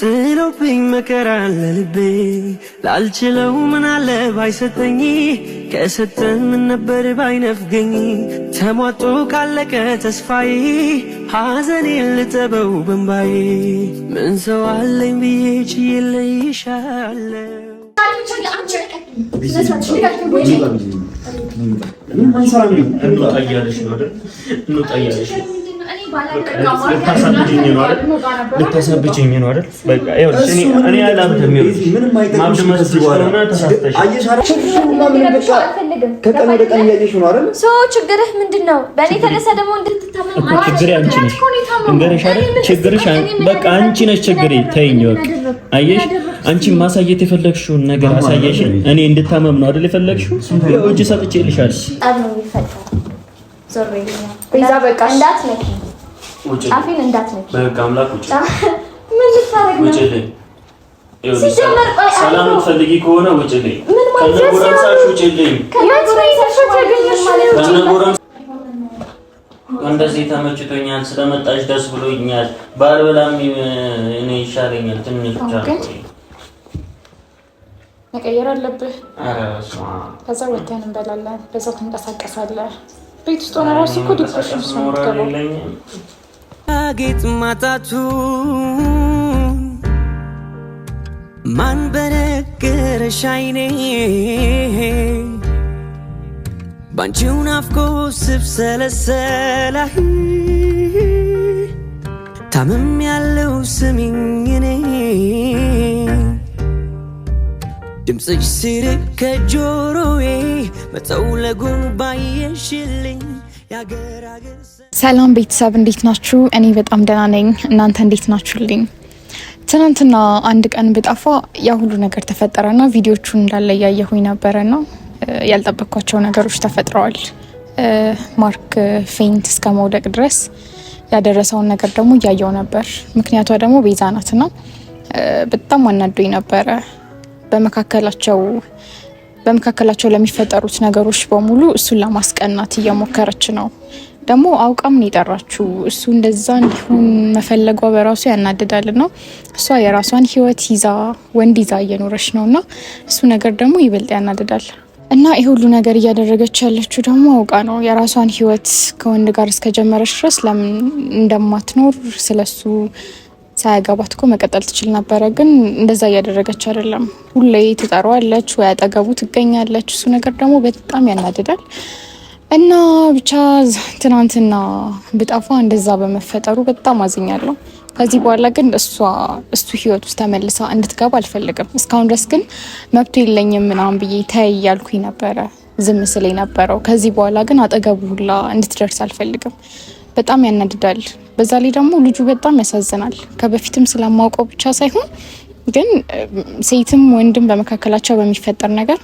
ጥሎብኝ መከራ ለልቤ ላልችለው ምናለ ባይሰጠኝ ከሰጠን ምን ነበር ባይነፍገኝ ተሟጦ ካለቀ ተስፋዬ ሐዘኔን ልጠበው በንባዬ ምን ሰው አለኝ ብዬ ችየለይሻለው ነው ልታሳብጭኝ ነው አይደል? ሰው ችግርህ ምንድን ነው? በእኔ የተነሳ ደግሞ እንድትታመም ችግሬ አንቺ ነሽ። እንገረሽ አይደል? ችግርሽ በቃ አንቺ ነሽ። ችግሬ ተይኝ። በቃ አየሽ፣ አንቺ ማሳየት የፈለግሽውን ነገር አሳየሽ። እኔ እንድታመም ነው አይደል የፈለግሽው? እጅ ሰጥቼልሻለሁ። ቤዛ በቃ እንዳትነኪኝ ጫፌን በህግ አምላክ ውጭ። ምን ከሆነ ውጭልኝ። ከእነ ውጭልኝ። እንደዚህ ተመችቶኛል። ስለመጣሽ ደስ ብሎኛል። ባልበላም እኔ ይሻለኛል። ትንሽ ብቻ መቀየር አለብህ። ከዛ ወተን እንበላለን፣ በዛው ትንቀሳቀሳለህ። ቤት ውስጥ ሆነ ራሱ እኮ ዲፕሬሽን ውስጥ ማጌጥ ማጣቱን ማን በነገረሽ አይኔ ባንቺው ናፍቆ ስብሰለሰላሂ ታምም ያለው ስሚኝኔ ድምፅሽ ሲርቅ ከጆሮዬ መተው ለጉባየሽልኝ ያገር አገር ሰላም ቤተሰብ እንዴት ናችሁ? እኔ በጣም ደህና ነኝ። እናንተ እንዴት ናችሁልኝ? ትናንትና አንድ ቀን ብጠፋ ያ ሁሉ ነገር ተፈጠረና ቪዲዮቹን እንዳለ እያየሁኝ ነበረና ያልጠበቅኳቸው ነገሮች ተፈጥረዋል። ማርክ ፌንት እስከ መውደቅ ድረስ ያደረሰውን ነገር ደግሞ እያየው ነበር። ምክንያቷ ደግሞ ቤዛ ናትና በጣም አናዶኝ ነበረ። በመካከላቸው በመካከላቸው ለሚፈጠሩት ነገሮች በሙሉ እሱን ለማስቀናት እየሞከረች ነው ደግሞ አውቃም ነው የጠራችሁ። እሱ እንደዛ እንዲሆን መፈለጓ በራሱ ያናድዳል። ና እሷ የራሷን ህይወት ይዛ ወንድ ይዛ እየኖረች ነው እና እሱ ነገር ደግሞ ይበልጥ ያናድዳል። እና ይህ ሁሉ ነገር እያደረገች ያለችው ደግሞ አውቃ ነው። የራሷን ህይወት ከወንድ ጋር እስከጀመረች ድረስ ለምን እንደማትኖር ስለሱ ሳያገባት እኮ መቀጠል ትችል ነበረ። ግን እንደዛ እያደረገች አይደለም። ሁሌ ትጠራዋለች ወይ አጠገቡ ትገኛለች። እሱ ነገር ደግሞ በጣም ያናድዳል። እና ብቻ ትናንትና ብጠፋ እንደዛ በመፈጠሩ በጣም አዝኛለሁ። ከዚህ በኋላ ግን እሷ እሱ ህይወት ውስጥ ተመልሳ እንድትገባ አልፈልግም። እስካሁን ድረስ ግን መብቱ የለኝም ምናምን ብዬ ተይ እያልኩኝ ነበረ፣ ዝም ስል ነበረው። ከዚህ በኋላ ግን አጠገቡ ሁላ እንድትደርስ አልፈልግም። በጣም ያናድዳል። በዛ ላይ ደግሞ ልጁ በጣም ያሳዝናል። ከበፊትም ስለማውቀው ብቻ ሳይሆን ግን ሴትም ወንድም በመካከላቸው በሚፈጠር ነገር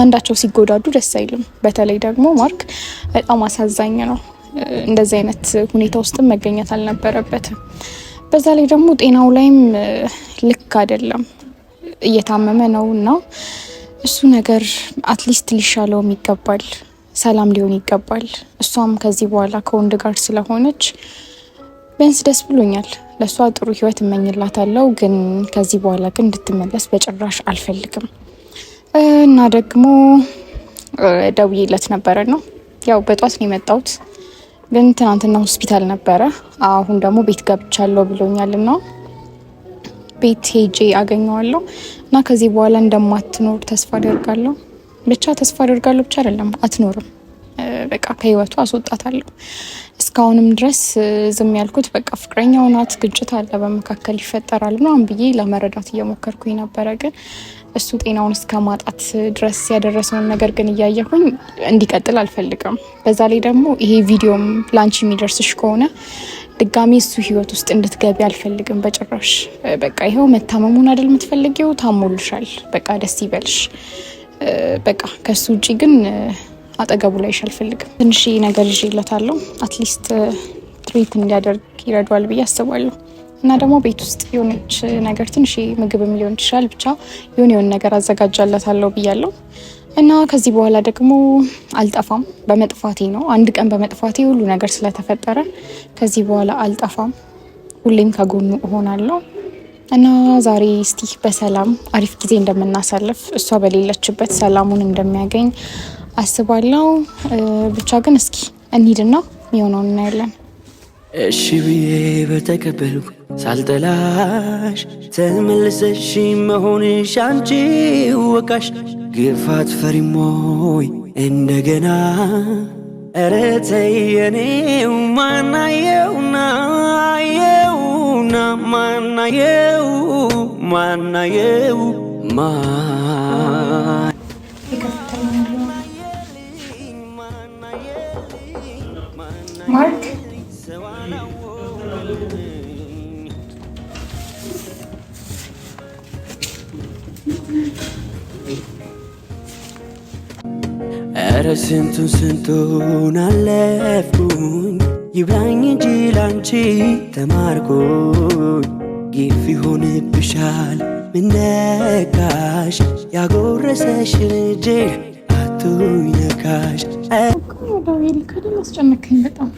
አንዳቸው ሲጎዳዱ ደስ አይልም። በተለይ ደግሞ ማርክ በጣም አሳዛኝ ነው። እንደዚህ አይነት ሁኔታ ውስጥም መገኘት አልነበረበትም። በዛ ላይ ደግሞ ጤናው ላይም ልክ አይደለም፣ እየታመመ ነው እና እሱ ነገር አትሊስት ሊሻለውም ይገባል፣ ሰላም ሊሆን ይገባል። እሷም ከዚህ በኋላ ከወንድ ጋር ስለሆነች ቢያንስ ደስ ብሎኛል። ለእሷ ጥሩ ህይወት እመኝላታለሁ። ግን ከዚህ በኋላ ግን እንድትመለስ በጭራሽ አልፈልግም። እና ደግሞ ደውዬለት ነበረ ነው ያው በጧት ነው የመጣሁት፣ ግን ትናንትና ሆስፒታል ነበረ። አሁን ደግሞ ቤት ገብቻለሁ ብሎኛል እና ቤት ሄጄ አገኘዋለሁ እና ከዚህ በኋላ እንደማትኖር ተስፋ አደርጋለሁ። ብቻ ተስፋ አደርጋለሁ ብቻ አይደለም አትኖርም፣ በቃ ከህይወቱ አስወጣታለሁ። እስካሁንም ድረስ ዝም ያልኩት በቃ ፍቅረኛው ናት፣ ግጭት አለ በመካከል ይፈጠራል ምናምን ብዬ ለመረዳት እየሞከርኩኝ ነበረ ግን እሱ ጤናውን እስከ ማጣት ድረስ ያደረሰውን ነገር ግን እያየሁኝ እንዲቀጥል አልፈልግም። በዛ ላይ ደግሞ ይሄ ቪዲዮም ላንቺ የሚደርስሽ ከሆነ ድጋሚ እሱ ህይወት ውስጥ እንድትገቢ አልፈልግም በጭራሽ። በቃ ይኸው መታመሙን አይደል የምትፈልጊው? ታሞልሻል። በቃ ደስ ይበልሽ። በቃ ከእሱ ውጭ ግን አጠገቡ ላይሽ አልፈልግም። ትንሽ ነገር ይዤለታለሁ አትሊስት ትሪት እንዲያደርግ ይረዷል ብዬ አስባለሁ። እና ደግሞ ቤት ውስጥ የሆነች ነገር ትንሽ ምግብም ሊሆን ይችላል ብቻ የሆነ የሆነ ነገር አዘጋጃለታለሁ ብያለሁ እና ከዚህ በኋላ ደግሞ አልጠፋም። በመጥፋቴ ነው አንድ ቀን በመጥፋቴ ሁሉ ነገር ስለተፈጠረ ከዚህ በኋላ አልጠፋም፣ ሁሌም ከጎኑ እሆናለሁ እና ዛሬ እስቲ በሰላም አሪፍ ጊዜ እንደምናሳልፍ እሷ በሌለችበት ሰላሙን እንደሚያገኝ አስባለሁ። ብቻ ግን እስኪ እንሂድና የሆነውን እናያለን። እሺ ብዬ በተቀበልኩ ሳልጠላሽ ተመልሰሽ መሆንሽ አንቺ ወቃሽ ግፋት ፈሪሞይ እንደገና ኧረ ተይ የኔው ማናየውና የውና ማናየው ማናየው ማ ማር እረ ስንቱን ስንቱን አለፍኩኝ ይብላኝ እንጂ ላንቺ ተማርኩኝ ግፍ ይሆንብሻል ምነካሽ ያጎረሰሽን እጄ አቱኝ ነካሽ ዳዊል ከደም አስጨነከኝ በጣም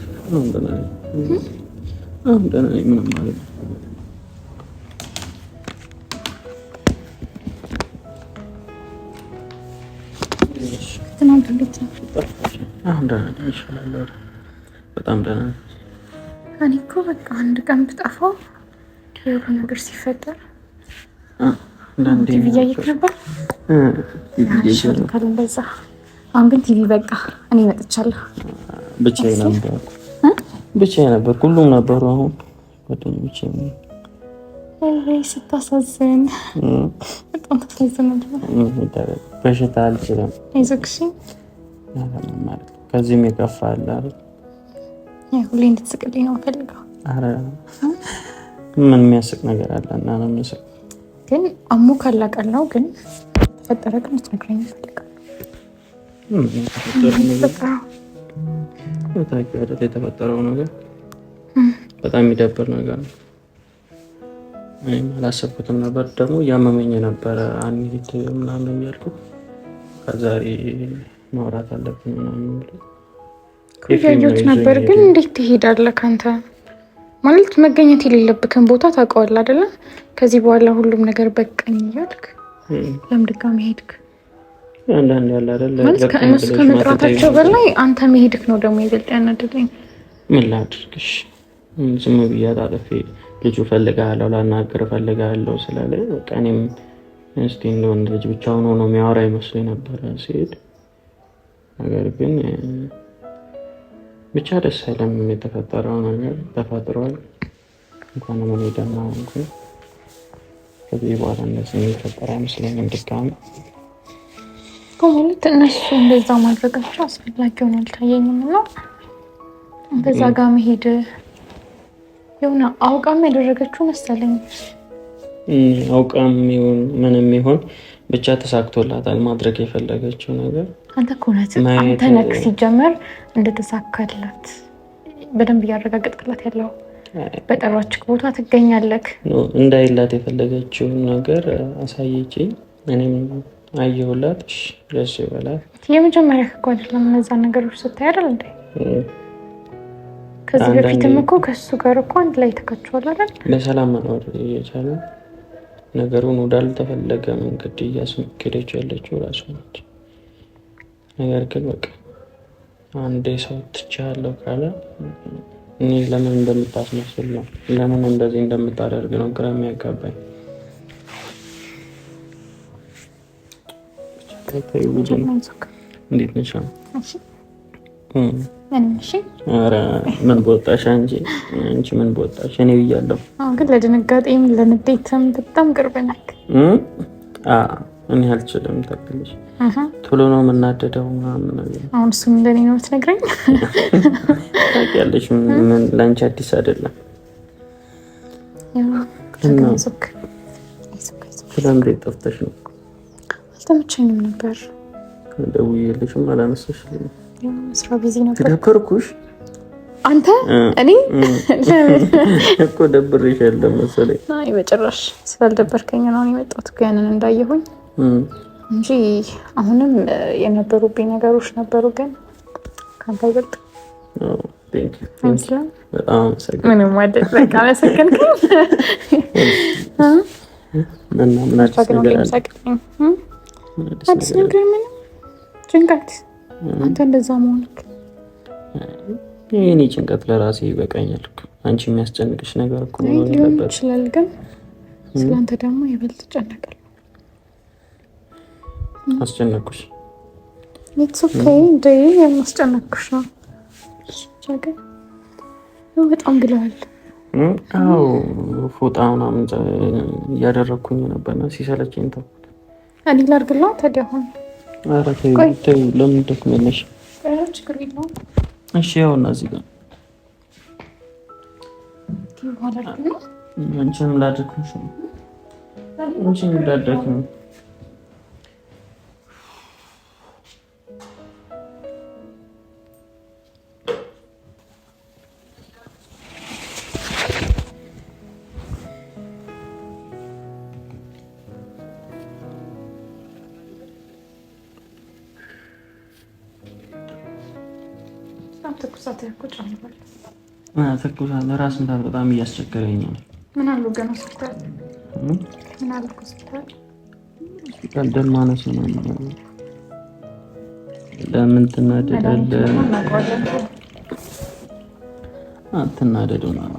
በጣም ደህና ነኝ። እኔ እኮ በቃ አንድ ቀን ብጠፋው የሆነ ነገር ሲፈጠር ቲቪ እያየት ነበር። እንደዛ አሁን ግን ቲቪ በቃ እኔ መጥቻለሁ። ብቻዬን ነበር ብቻዬን ነበር፣ ሁሉም ነበሩ። አሁን ጓደኞቼ ስታሳዝን በጣም ታሳዝናለህ። በሽታ አልችልም። አይዞክሽኝ ከዚህም የከፋ አለ አይደል? ሁሌ እንድትስቅልኝ ነው ፈልገው። ምን የሚያስቅ ነገር አለ? እና ነው ምስል ግን አሞ ካላቀል ነው ግን ተፈጠረ ግን ምትነግረኝ ፈልገው የተፈጠረው ነገር በጣም የሚደብር ነገር ነው። እኔም አላሰብኩትም ነበር። ደግሞ እያመመኝ ነበረ አንዲት ምናምን ያልኩት ዛሬ ማውራት አለብን ምናምን ኩያዮች ነበር። ግን እንዴት ትሄዳለህ ከአንተ ማለት መገኘት የሌለብክን ቦታ ታውቀዋለህ አይደለም? ከዚህ በኋላ ሁሉም ነገር በቀኝ እያልክ ለምን ድጋሚ ሄድክ? አንዳንድ ያለ አይደለ ከእነሱ ከመጥራታቸው በላይ አንተ መሄድክ ነው ደግሞ ይበልጥ ያናደደኝ። ምን ላድርግሽ? ዝም ብዬ አጣጥፌ ልጁ ፈልጋለሁ ላናገር ፈልጋለሁ ስላለ በቃ እኔም እስቲ እንደ ወንድ ልጅ ብቻውን ሆኖ የሚያወራ ይመስል ነበረ ሲሄድ። ነገር ግን ብቻ ደስ አይለም የተፈጠረው ነገር ተፈጥሯል። እንኳን ምን ደግሞ ከዚህ በኋላ እንደዚህ የሚፈጠር አይመስለኝም። ድጋሚ ትንሽ እንደዛ ማድረጋቸው አስፈላጊ ሆኖ አልታየኝም እና በዛ ጋር መሄድ የሆነ አውቃም ያደረገችው መሰለኝ። አውቃም ይሁን ምንም ይሁን ብቻ ተሳክቶላታል ማድረግ የፈለገችው ነገር። አንተ ኮነት አንተ ነክ ሲጀመር እንደተሳካላት በደንብ እያረጋገጥክላት ያለው በጠሯችሁ ቦታ ትገኛለክ እንዳይላት የፈለገችውን ነገር አሳየች። እኔም አየሁላት። ደስ ይበላል። የመጀመሪያ እኮ አይደለም እነዛ ነገሮች ስታይ አይደል እንዴ? ከዚህ በፊትም እኮ ከሱ ጋር እኮ አንድ ላይ ተካችኋል አይደል? በሰላም መኖር እየቻለ ነገሩን ወዳልተፈለገ መንገድ እያስመከደች ያለችው ራሱ ነች። ነገር ግን በቃ አንዴ ሰው ትቻለው ካለ እኔ ለምን እንደምታስመስል ነው፣ ለምን እንደዚህ እንደምታደርግ ነው ግራ የሚያጋባኝ። እንዴት ነሽ? ምን በወጣሽ አንቺ አንቺ ምን በወጣሽ እኔ ብያለሁ። ግን ለድንጋጤም ለንዴትም በጣም ቅርብ ናት። እኔ አልችልም ታውቂያለሽ። ቶሎ ነው የምናደደው ምናምን ነገር። አሁን እሱም እንደኔ ነው የምትነግረኝ ታውቂያለሽ። ምን ለአንቺ አዲስ አይደለም። ስለምንድን ጠፍተሽ ነው? አልተመቸኝም ነበር። ደውዬልሽም አላነሳሽልኝም ስራ ቢዚ ነበር። ደበርኩሽ አንተ እኔ እኮ መሰለኝ። አይ በጭራሽ ስላልደበርከኝ ነው የመጣሁት እኮ ያንን እንዳየሁኝ እንጂ አሁንም የነበሩብኝ ነገሮች ነበሩ፣ ግን ከአንተ ምንም አዲስ ነገር ምንም ጭንቀት አንተ እንደዛ መሆንክ የኔ ጭንቀት ለራሴ ይበቃኛል። አንቺ የሚያስጨንቅሽ ነገር እኮ ሊሆን ይችላል፣ ግን ስለአንተ ደግሞ ይበልጥ ጨነቃል። አስጨነቅኩሽ። ኦኬ እንደ የማስጨነቅኩሽ ነው። በጣም ግለዋል። አዎ ፎጣ ምናምን እያደረግኩኝ ነበርና ሲሰለችኝ ተውኩት። እኔ ላድርግላ ታዲያ አሁን ለምን ደክመለሽ? እሺ ያው እና እዚህ ጋር አንቺንም ላደክምሽ ነው። አንቺንም ላደክምሽ ትኩሳት ያኮ ጨምሯል። ትኩሳት ራስ ምታት በጣም እያስቸገረኝ ነው። ምን አሉ ሆስፒታል ምን አሉ ሆስፒታል ሆስፒታል ደም ማነስ ነው። ለምን ትናደዳለህ? አትናደዱ ነው።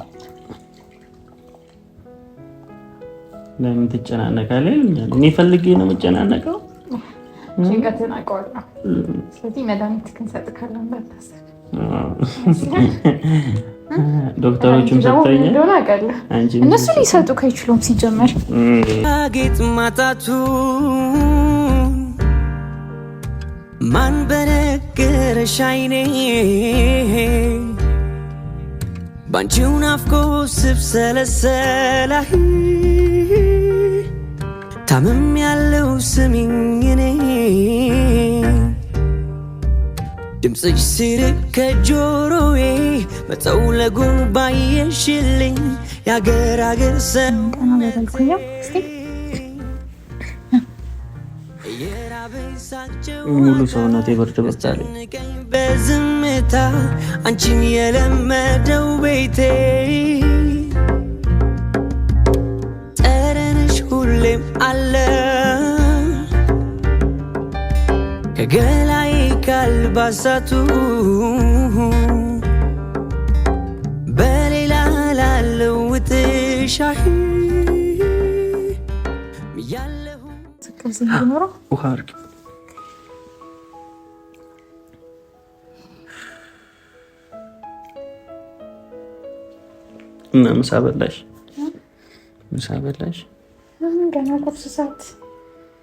ለምን ትጨናነቃለህ? እኔ ፈልጌ ነው የምጨናነቀው። ጭንቀትን አውቀዋለሁ። ስለዚህ መድኃኒት ክንሰጥ ካለ እንዳታስብ ዶክተሮቹም ሰጥተኛል። እነሱ ሊሰጡ ከይችሉም ሲጀመር ጌጥ ማጣቱ ማን በነገረሽ አይኔ ባንቺው ናፍቆ ስብሰለሰላህ ታምም ያለው ስሚኝ እኔ ድምፅሽ ሲርቅ ከጆሮዬ መጠው ለጉባየሽልኝ የአገር አገር ሰው ሙሉ ሰውነቴ ብርድ መታለኝ። በዝምታ አንቺን የለመደው ቤቴ ጠረንሽ ሁሌም አለ ከገላ كالبساتو بالي لا لا وتشحي يالله تكبسن المرة وهارك እና ምሳ በላሽ? ምሳ በላሽ? ገና ቁርስ ሰዓት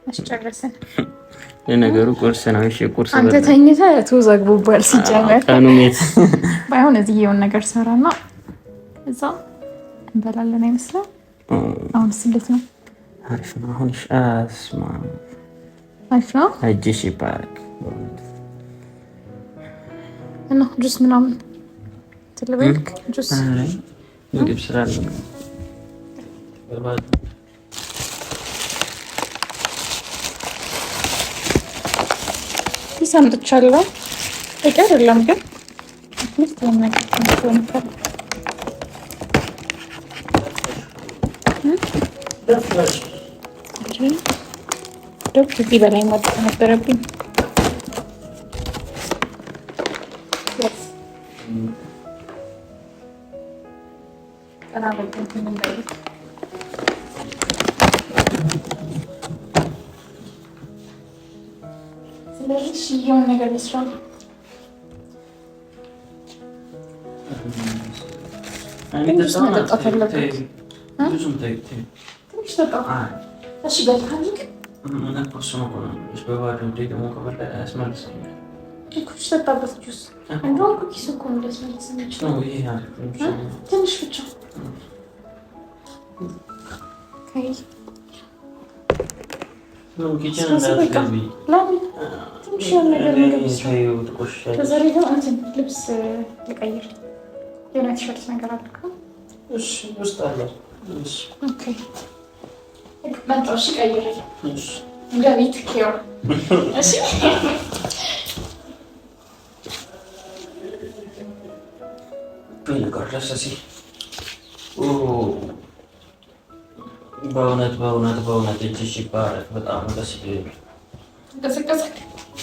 አስጨረሰን። የነገሩ ቁርስ ነው። እሺ ቁርስ አንተ ተኝተህ ተወዛግቦባል። ሲጨመር ቀኑ ሜት ባይሆን እዚህ የሆነ ነገር ሰራና እዛ እንበላለን አይመስልም? አሁን ስለት ነው። አሪፍ ነው። አሁን ሻስማ አሪፍ ነው። እጅሽ ይባረክ እና ጁስ ምናምን ትልበልክ ጁስ ምግብ ስራ አትክልት አምጥቻለሁ። በቂ አይደለም ግን አትክልት ለምናገር ደብ በላይ ማጥ ነበረብኝ። ነበረች የሆነ ነገር መስራት ትንሽ ትንሽም ነገር ከዛሬ ደግሞ እንትን ልብስ ልቀይር፣ የሆነ ቲሸርት ነገር አድርገ ውስጥ አለ መጣሽ ቀይር እንደ ቤት በእውነት በእውነት በእውነት እጅሽ ይባረክ። በጣም ደስ ይላል።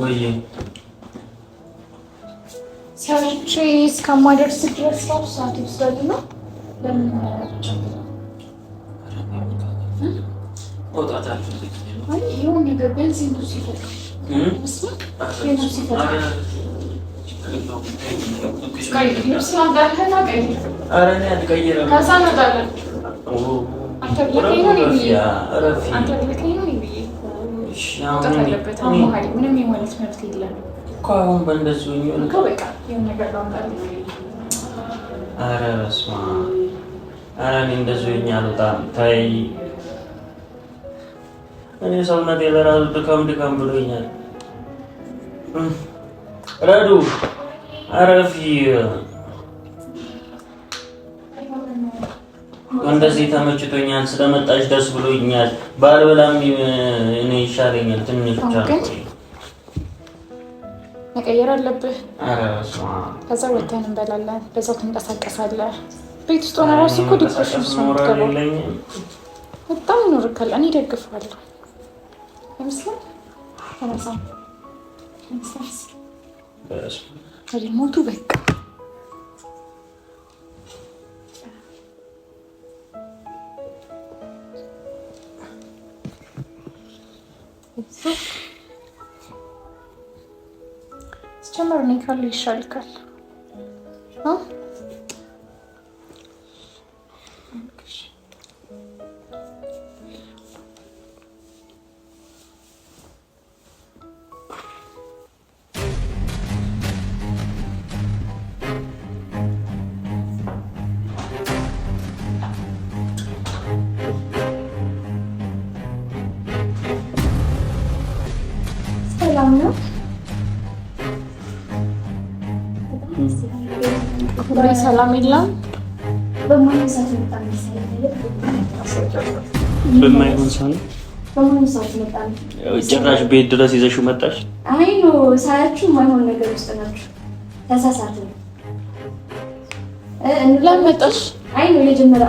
ወይ ሰርቼ እስከማደርስ ድረስ ነው ሰዓት ይወስዳል ነው። ለምን ነገር መውጣት አለበት። አማሀሪ ምንም የማለት መብት የለም እኮ አሁን በእንደዚሁ ነገር ኧረ እኔ እንደዚሁ እኛ አልወጣም። ተይ እኔ ሰውነቴ ለራሱ ድካም ድካም ብሎኛል። ረዱ አረፊ እንደዚህ ተመችቶኛል፣ ስለመጣሽ ደስ ብሎኛል። ባልበላም እኔ ይሻለኛል። ትንሽ ብቻ መቀየር አለብህ። ከዛ ወተን እንበላለን፣ በዛው ትንቀሳቀሳለህ። ቤት ውስጥ ሆነ ራሱ እኮ ዲፕሬሽን ውስጥ ነው የምትገባው። በጣም ይኖርካል። እኔ ደግፈዋለሁ ይመስላል ተነሳ ሞቱ በቃ ሲጀመር እኔ ካለ ይሻልካል። ሰላም የለም። በማይሆን ሰዓት መጣ ጭራሽ ቤት ድረስ ይዘሽው መጣሽ። አይ ነው ሳያችሁ ማይሆን ነገር ውስጥ ናችሁ። ተሳሳት ለምን መጣሽ? አይ አይደለም።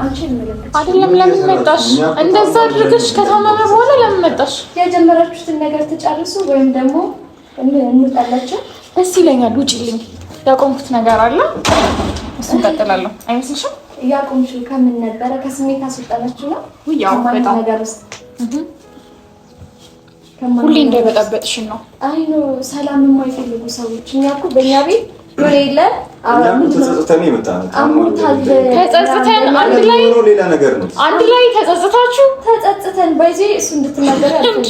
ለምን መጣሽ? እንደዛ አድርገሽ ከታመመ በኋላ ለምን መጣሽ? የጀመራችሁትን ነገር ተጨርሱ ወይም ደግሞ እንጣላችሁ ደስ ይለኛል። ውጭልኝ ያቆምኩት ነገር አለ እሱን ቀጥላለሁ። አይመስልሽም? እያቆምሽው ከምን ነበረ? ከስሜት አስወጣላችሁ ነው? ያው ነገር ውስጥ ሁሌ እንዳይበጣበጥሽን ነው። አይ ነው ሰላም የማይፈልጉ ሰዎች። እኛ እኮ በእኛ ቤት ወሬ አንድ ላይ ተጸጽታችሁ ተጸጽተን በይዜ እሱ እንድትናገር እንጂ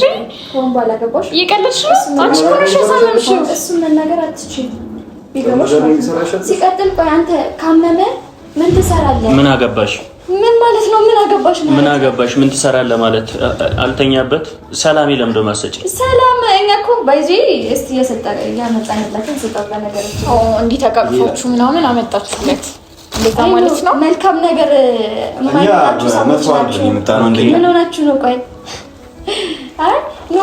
ከሆን በኋላ እየቀለድሽ ነው። አንቺ እኮ ነሽ ያሳመምሽው። እሱን መናገር አትችልም ሲቀጥል ቆይ አንተ ካመመ ምን ትሰራለህ? ምን አገባሽ? ምን ማለት ነው? ምን አገባሽ ማለት ምን አገባሽ? ምን ትሰራለህ ማለት አልተኛበት። ሰላም የለም ደማ ሰላም። እኛ እኮ ባይዚ እስቲ የሰጠ ኦ እንዲህ ተቃቅፋችሁ ምናምን አመጣችሁለት እንደዛ ማለት ነው። መልካም ነገር ምን ሆናችሁ ነው? ቆይ አይ ኖ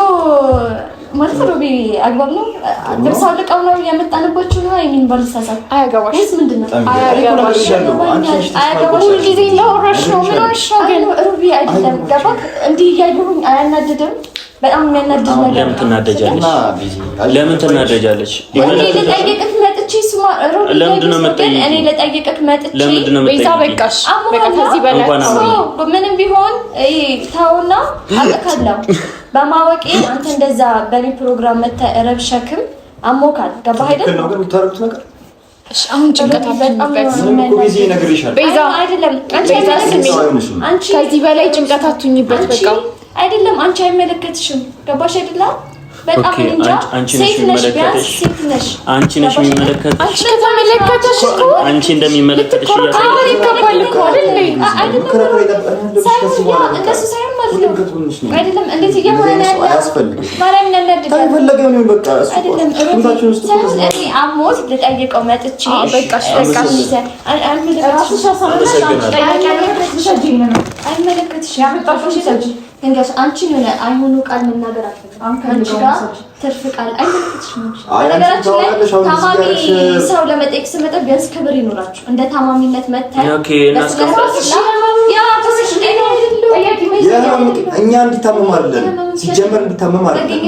ማለት ነው። ቤቢ አግባብ ነው። ልብስ አውልቀው ነው ያመጣንባችሁ። ና የሚን ባልሳሳት አያገባሽ ምንድን ነው እንዲህ እያየሁኝ አያናድድም? በጣም የሚያናድድ ነገር። ለምን ትናደጃለች? ለምን ትናደጃለች? ልጠይቅህ መጥቼ ስማ፣ እኔ ልጠይቅህ መጥቼ ቤዛ፣ በቃሽ በቃ ከዚህ በላይ ምንም ቢሆን ተውና አጥቃለሁ በማወቄ አንተ እንደዛ በኔ ፕሮግራም መተ ረብሸክም አሞካል ገባህ አይደል? ነገር አሁን ጭንቀት ከዚህ በላይ ጭንቀት አትሁኝበት። በቃ አይደለም አንቺ አይመለከትሽም። ገባሽ አይደለም በጣም እንጃ። ሴት ነሽ ቢያንስ ሴት ነሽ አንቺ ነሽ የሚመለከትሽ አንቺ እንደሚመለከትሽ አሞት ልጠይቀው መጥቼ አይመለከትሽ እንዴስ አንቺን የሆነ አይሆኑ ቃል መናገር አልፈልግም። አንቺ ጋር ትርፍ ቃል አይመለከትሽም። በነገራችን ላይ ታማሚ ሰው ለመጠየቅ ስመጣ ቢያንስ ክብር ይኖራችሁ። እንደ ታማሚነት መታይ ኦኬ። እኛ እንድታመም አይደለም ሲጀመር እንድታመም አይደለም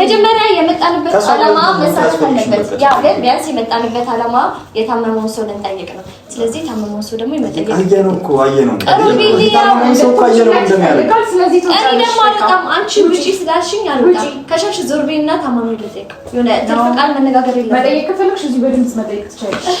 መጀመሪያ የመጣንበት አላማ መሳተፍ አለበት። ያው ግን ቢያንስ የመጣንበት አላማ የታመመውን ሰው ልንጠይቅ ነው። ስለዚህ የታመመውን ሰው ደግሞ የመጠየቅ እኮ ነው። አልወጣም አንቺ ውጪ ስላልሽኝ አልወጣም። ከሸሽ ዞር ቤና ታማሚ ልጠይቅ የሆነ ቃል መነጋገር የለም። መጠየቅ ከፈለግሽ እዚህ በድምፅ መጠየቅ ትችያለሽ።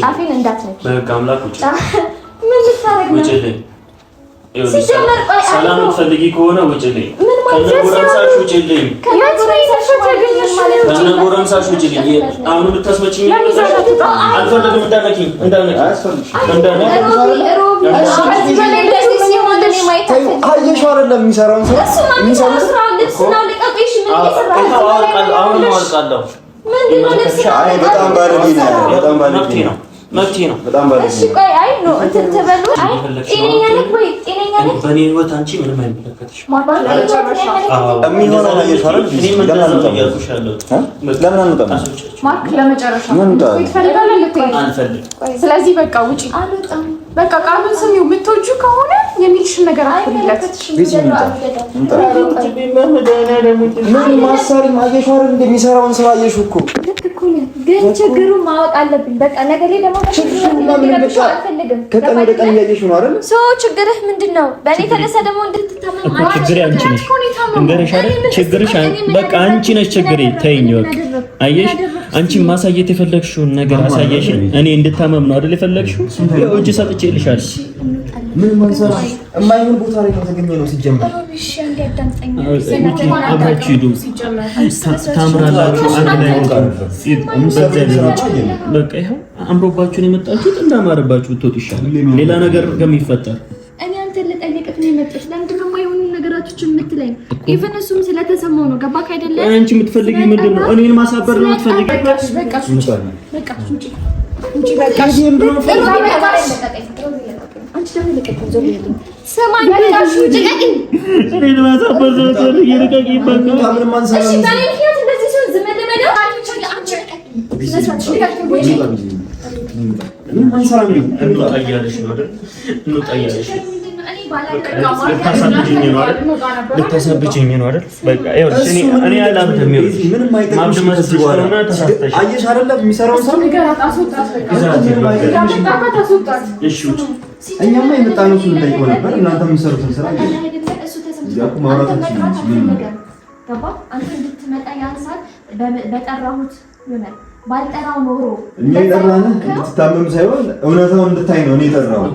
ጫፌን እንዳትነኪ። ምን ልታረግ ከሆነ ውጭልኝ። ከነጎረምሳሽ ውጭልኝ። ከነጎረምሳሽ አሁን ብታስመችኝ በጣም ባለጌ ነው። በጣም ባለጌ ነው። መብቴ ነው። በጣም ባለጌ ነው። ቆይ አይ ነው እንትን ትበሉ። አይ ጤነኛ ነህ ወይ? ጤነኛ ነህ? በእኔ ህይወት አንቺ ምንም አይመለከትሽም። የሚሆነው ነገር ፈረድ ለምን አንመጣም? ማርክ ለመጨረሻ ምን ትፈልጋለህ? ስለዚህ በቃ ውጪ አልወጣም በቃ ቃሉን ስሚው። ምትወጁ ከሆነ የሚልሽን ነገር ምን አትልለት። እንደሚሰራውን ስራ አየሽ እኮ ግን ችግሩ ማወቅ አለብኝ። በቃ ነገር ላይ ደግሞ ከቀን ወደ ቀን እያየሽ ነው አይደል? ሰው ችግርህ እንድትተማመን ነው? በእኔ የተነሳ ደግሞ እንድትታመም ችግርሽ አንቺ ነሽ። ችግሬ ተይኝ። በቃ አየሽ አንቺ ማሳየት የፈለግሽውን ነገር አሳየሽ። እኔ እንድታመም ነው አይደል የፈለግሽው? ያው እጅ ሰጥቼልሻል። ምን ማንሰራ የማይሆን ቦታ ላይ ነው ተገኘ ነው ሲጀመር አብራችሁ ሂዱ፣ ታምራላችሁ። አንድ ላይ በቃ ይኸው አምሮባችሁን የመጣችሁት እንዳማረባችሁ ብትወጡ ይሻላል፣ ሌላ ነገር ከሚፈጠር ሆነች የምትለኝ ኢቭን እሱም ስለተሰማው ነው። ገባክ አይደለ? አንቺ የምትፈልጊው ምንድን ነው? እኔን ማሳበር ነው የምትፈልጊው? በቃ ልታሳብጅኝ ነው አይደል? ልታሳብጅኝ ነው አይደል? በቃ ይኸውልሽ፣ ነበር። እናንተ የምትሰሩትን ስራ ባልጠራው ኖሮ እኛ የጠራንህ እንድትታመም ሳይሆን እውነታውን እንድታይ ነው እኔ የጠራሁት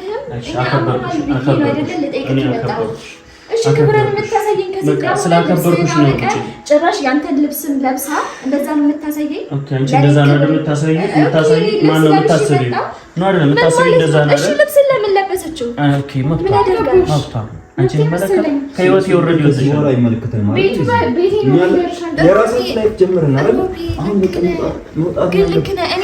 ስላከበርኩሽ ነው። ጭራሽ ያንተን ልብስም ለብሳ እንደዛ ነው የምታሳየኝ። ኦኬ፣ አንቺ እንደዛ ነው የምታሳየኝ። የምታሳየኝ ማን ነው የምታሳየኝ? ነው አይደል? የምታሳየኝ እንደዛ ነው አይደል? ልብስን ለምን ለበሰችው? ኦኬ፣ ምን አንቺ መለከት ከህይወት የወረድ ይወስሽ ነው አይመለከተም ማለት ነው። ቤቴ ላይ ጀምርና አይደል? አሁን ልክ ነህ። እኔ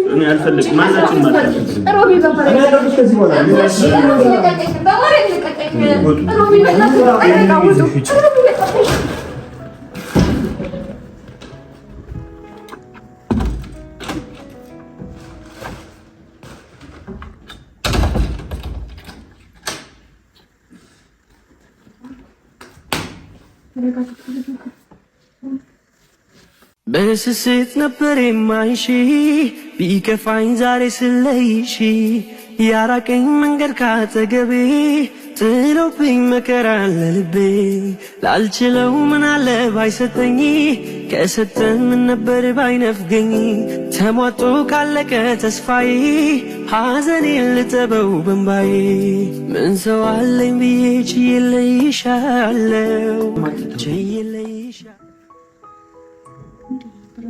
እኔ አልፈልግም። ማናችን ማለት ነው በስስት ነበር የማይሽ ቢከፋኝ ዛሬ ስለይሽ ያራቀኝ መንገድ ካጠገቤ ጥሎብኝ መከራ ለልቤ ላልችለው ምናለ ባይሰጠኝ ከሰጠን ምን ነበር ባይነፍገኝ ተሟጦ ካለቀ ተስፋዬ ሐዘኔን ልጠበው በንባዬ ምን ሰው አለኝ ብዬ ችዬ ለይሻለው ችዬ ለይሻ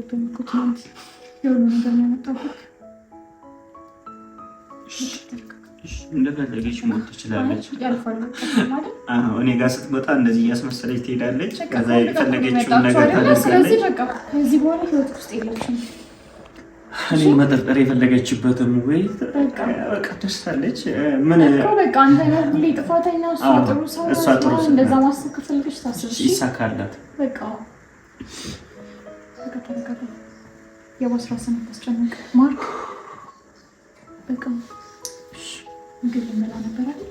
አልነበረብኝ ትናንት የሁሉ ነገር ነው ያመጣሁት። እንደፈለገች ሞት ትችላለች። እኔ ጋር ስትመጣ እንደዚህ እያስመሰለች ትሄዳለች። ከዛ የፈለገችውን ነገር ከዚህ በኋላ ህይወት ውስጥ የለችም። እኔ መጠርጠር የፈለገችበትም ወይ በቃ ደስታለች። ምን በቃ አንተ ሁሌ ጥፋተኛ፣ እሷ ጥሩ ሰው፣ እንደዛ ማሰብ ከፈለገች ታስብ ይሳካላት በቃ በቃ ተረጋጋ። ያው ስምንት አስጨነቀ ማርክ። በቃ ምግብ ልንበላ ነበር አይደል?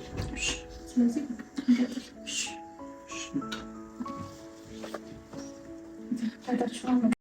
ስለዚህ እንቀጥል።